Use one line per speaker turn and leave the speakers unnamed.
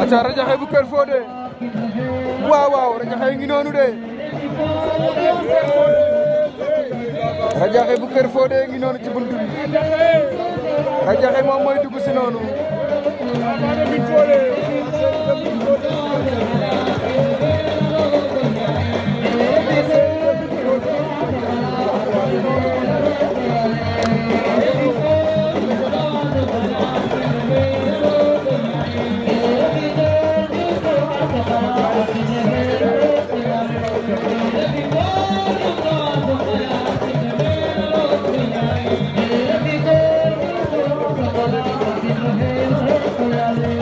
aca Radiakhé bu Kër Fodé waaw
waaw Radiakhé ngi noonu de Radiakhé bu Kër Fodé ngi noonu ci buntu bi Radiakhé moom mooy dugg si noonu
Thank you.